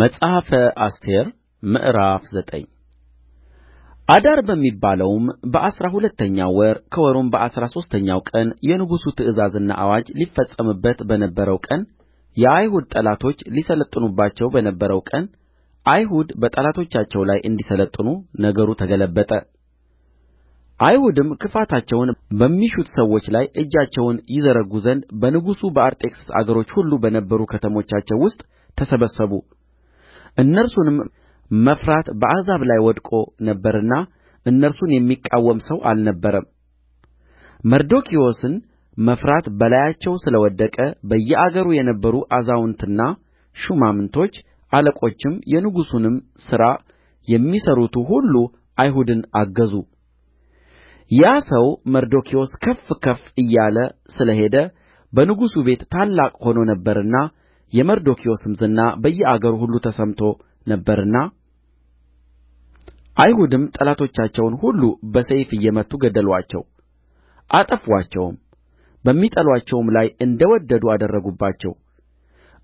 መጽሐፈ አስቴር ምዕራፍ ዘጠኝ አዳር በሚባለውም በአሥራ ሁለተኛው ወር ከወሩም በአሥራ ሦስተኛው ቀን የንጉሡ ትእዛዝና አዋጅ ሊፈጸምበት በነበረው ቀን የአይሁድ ጠላቶች ሊሠለጥኑባቸው በነበረው ቀን አይሁድ በጠላቶቻቸው ላይ እንዲሠለጥኑ ነገሩ ተገለበጠ። አይሁድም ክፋታቸውን በሚሹት ሰዎች ላይ እጃቸውን ይዘረጉ ዘንድ በንጉሡ በአርጤክስስ አገሮች ሁሉ በነበሩ ከተሞቻቸው ውስጥ ተሰበሰቡ እነርሱንም መፍራት በአሕዛብ ላይ ወድቆ ነበርና እነርሱን የሚቃወም ሰው አልነበረም መርዶክዮስን መፍራት በላያቸው ስለ ወደቀ በየአገሩ የነበሩ አዛውንትና ሹማምቶች አለቆችም የንጉሡንም ሥራ የሚሠሩቱ ሁሉ አይሁድን አገዙ ያ ሰው መርዶክዮስ ከፍ ከፍ እያለ ስለ ሄደ በንጉሡ ቤት ታላቅ ሆኖ ነበርና የመርዶክዮስም ዝና በየአገሩ ሁሉ ተሰምቶ ነበርና አይሁድም ጠላቶቻቸውን ሁሉ በሰይፍ እየመቱ ገደሉአቸው፣ አጠፉአቸውም፣ በሚጠሉአቸውም ላይ እንደ ወደዱ አደረጉባቸው።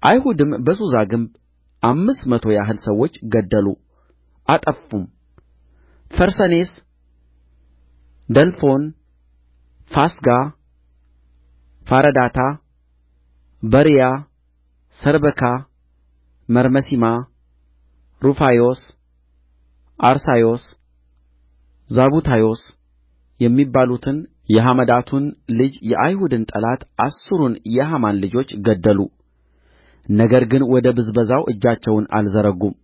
አይሁድም በሱሳ ግንብ አምስት መቶ ያህል ሰዎች ገደሉ አጠፉም። ፈርሰኔስ፣ ደልፎን፣ ፋስጋ፣ ፋረዳታ፣ በሪያ፣ ሰርበካ መርመሲማ ሩፋዮስ አርሳዮስ ዛቡታዮስ የሚባሉትን የሐመዳቱን ልጅ የአይሁድን ጠላት አሥሩን የሐማን ልጆች ገደሉ ነገር ግን ወደ ብዝበዛው እጃቸውን አልዘረጉም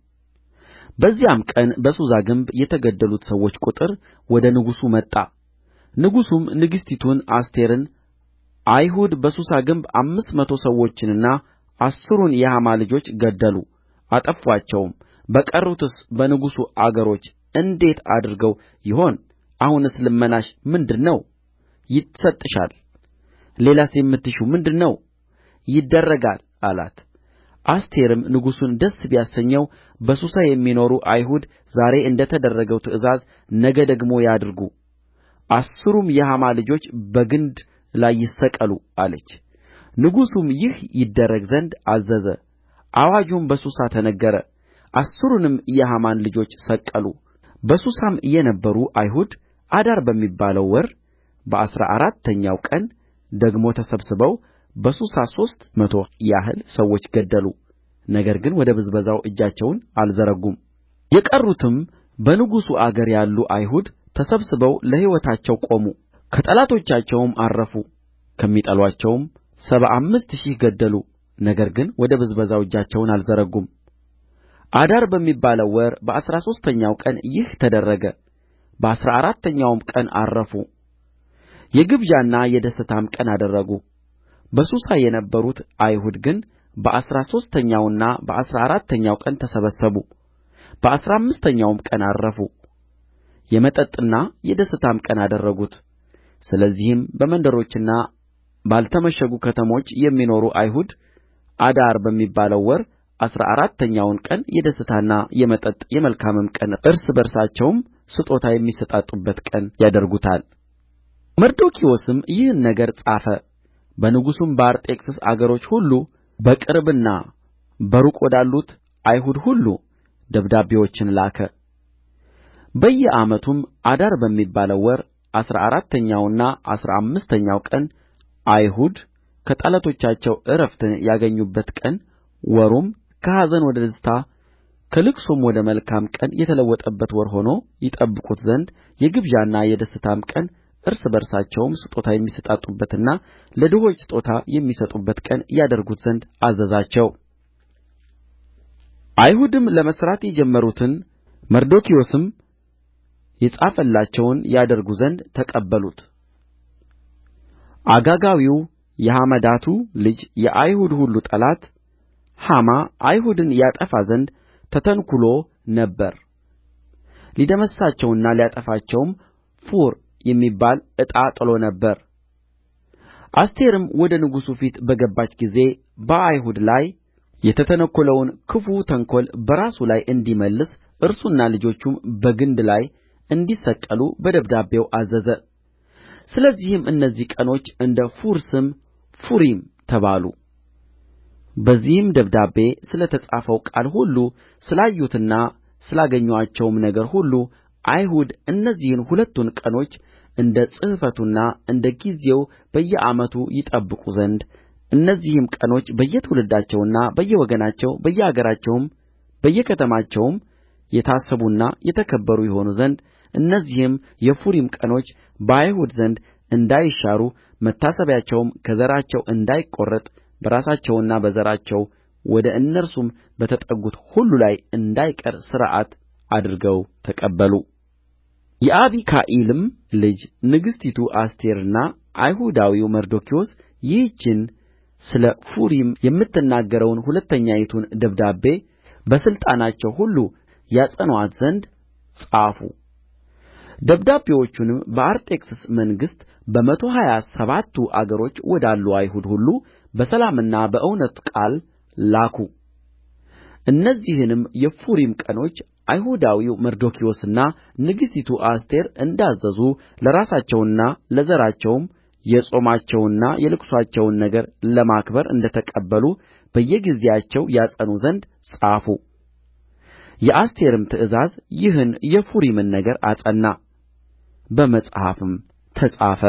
በዚያም ቀን በሱሳ ግንብ የተገደሉት ሰዎች ቍጥር ወደ ንጉሡ መጣ ንጉሡም ንግሥቲቱን አስቴርን አይሁድ በሱሳ ግንብ አምስት መቶ ሰዎችንና አሥሩን የሐማ ልጆች ገደሉ አጠፉአቸውም በቀሩትስ በንጉሡ አገሮች እንዴት አድርገው ይሆን አሁንስ ልመናሽ ምንድር ነው ይሰጥሻል ሌላስ የምትሺው ምንድር ነው ይደረጋል አላት አስቴርም ንጉሡን ደስ ቢያሰኘው በሱሳ የሚኖሩ አይሁድ ዛሬ እንደ ተደረገው ትእዛዝ ነገ ደግሞ ያድርጉ አሥሩም የሐማ ልጆች በግንድ ላይ ይሰቀሉ አለች ንጉሡም ይህ ይደረግ ዘንድ አዘዘ አዋጁም በሱሳ ተነገረ አሥሩንም የሐማን ልጆች ሰቀሉ በሱሳም የነበሩ አይሁድ አዳር በሚባለው ወር በአሥራ አራተኛው ቀን ደግሞ ተሰብስበው በሱሳ ሦስት መቶ ያህል ሰዎች ገደሉ ነገር ግን ወደ ብዝበዛው እጃቸውን አልዘረጉም የቀሩትም በንጉሡ አገር ያሉ አይሁድ ተሰብስበው ለሕይወታቸው ቆሙ ከጠላቶቻቸውም ዐረፉ ከሚጠሉአቸውም ሰባ አምስት ሺህ ገደሉ ነገር ግን ወደ ብዝበዛው እጃቸውን አልዘረጉም አዳር በሚባለው ወር በአሥራ ሦስተኛው ቀን ይህ ተደረገ በአሥራ አራተኛውም ቀን ዐረፉ የግብዣና የደስታም ቀን አደረጉ በሱሳ የነበሩት አይሁድ ግን በአሥራ ሦስተኛውና በአሥራ አራተኛው ቀን ተሰበሰቡ በአሥራ አምስተኛውም ቀን ዐረፉ የመጠጥና የደስታም ቀን አደረጉት ስለዚህም በመንደሮችና ባልተመሸጉ ከተሞች የሚኖሩ አይሁድ አዳር በሚባለው ወር አሥራ አራተኛውን ቀን የደስታና የመጠጥ የመልካምም ቀን እርስ በርሳቸውም ስጦታ የሚሰጣጡበት ቀን ያደርጉታል መርዶክዮስም ይህን ነገር ጻፈ በንጉሡም በአርጤክስስ አገሮች ሁሉ በቅርብና በሩቅ ወዳሉት አይሁድ ሁሉ ደብዳቤዎችን ላከ በየዓመቱም አዳር በሚባለው ወር አሥራ አራተኛውና አሥራ አምስተኛው ቀን አይሁድ ከጠላቶቻቸው ዕረፍትን ያገኙበት ቀን ወሩም ከኀዘን ወደ ደስታ ከልቅሶም ወደ መልካም ቀን የተለወጠበት ወር ሆኖ ይጠብቁት ዘንድ የግብዣና የደስታም ቀን እርስ በርሳቸውም ስጦታ የሚሰጣጡበትና ለድሆች ስጦታ የሚሰጡበት ቀን ያደርጉት ዘንድ አዘዛቸው አይሁድም ለመሥራት የጀመሩትን መርዶክዮስም የጻፈላቸውን ያደርጉ ዘንድ ተቀበሉት አጋጋዊው የሐመዳቱ ልጅ የአይሁድ ሁሉ ጠላት ሐማ አይሁድን ያጠፋ ዘንድ ተተንኵሎ ነበር ሊደመስሳቸውና ሊያጠፋቸውም ፉር የሚባል ዕጣ ጥሎ ነበር አስቴርም ወደ ንጉሡ ፊት በገባች ጊዜ በአይሁድ ላይ የተተነኰለውን ክፉ ተንኰል በራሱ ላይ እንዲመልስ እርሱና ልጆቹም በግንድ ላይ እንዲሰቀሉ በደብዳቤው አዘዘ ስለዚህም እነዚህ ቀኖች እንደ ፉር ስም ፉሪም ተባሉ በዚህም ደብዳቤ ስለ ተጻፈው ቃል ሁሉ ስላዩትና ስላገኙአቸውም ነገር ሁሉ አይሁድ እነዚህን ሁለቱን ቀኖች እንደ ጽሕፈቱና እንደ ጊዜው በየዓመቱ ይጠብቁ ዘንድ እነዚህም ቀኖች በየትውልዳቸውና በየወገናቸው በየአገራቸውም በየከተማቸውም የታሰቡና የተከበሩ ይሆኑ ዘንድ እነዚህም የፉሪም ቀኖች በአይሁድ ዘንድ እንዳይሻሩ መታሰቢያቸውም ከዘራቸው እንዳይቈረጥ በራሳቸውና በዘራቸው ወደ እነርሱም በተጠጉት ሁሉ ላይ እንዳይቀር ሥርዓት አድርገው ተቀበሉ የአቢካኢልም ልጅ ንግሥቲቱ አስቴርና አይሁዳዊው መርዶክዮስ ይህችን ስለ ፉሪም የምትናገረውን ሁለተኛይቱን ደብዳቤ በሥልጣናቸው ሁሉ ያጸኑአት ዘንድ ጻፉ ደብዳቤዎቹንም በአርጤክስስ መንግሥት በመቶ ሀያ ሰባቱ አገሮች ወዳሉ አይሁድ ሁሉ በሰላምና በእውነት ቃል ላኩ እነዚህንም የፉሪም ቀኖች አይሁዳዊው መርዶክዮስና ንግሥቲቱ አስቴር እንዳዘዙ ለራሳቸውና ለዘራቸውም የጾማቸውንና የልቅሶአቸውን ነገር ለማክበር እንደ ተቀበሉ በየጊዜያቸው ያጸኑ ዘንድ ጻፉ የአስቴርም ትእዛዝ ይህን የፉሪምን ነገር አጸና በመጽሐፍም ተጻፈ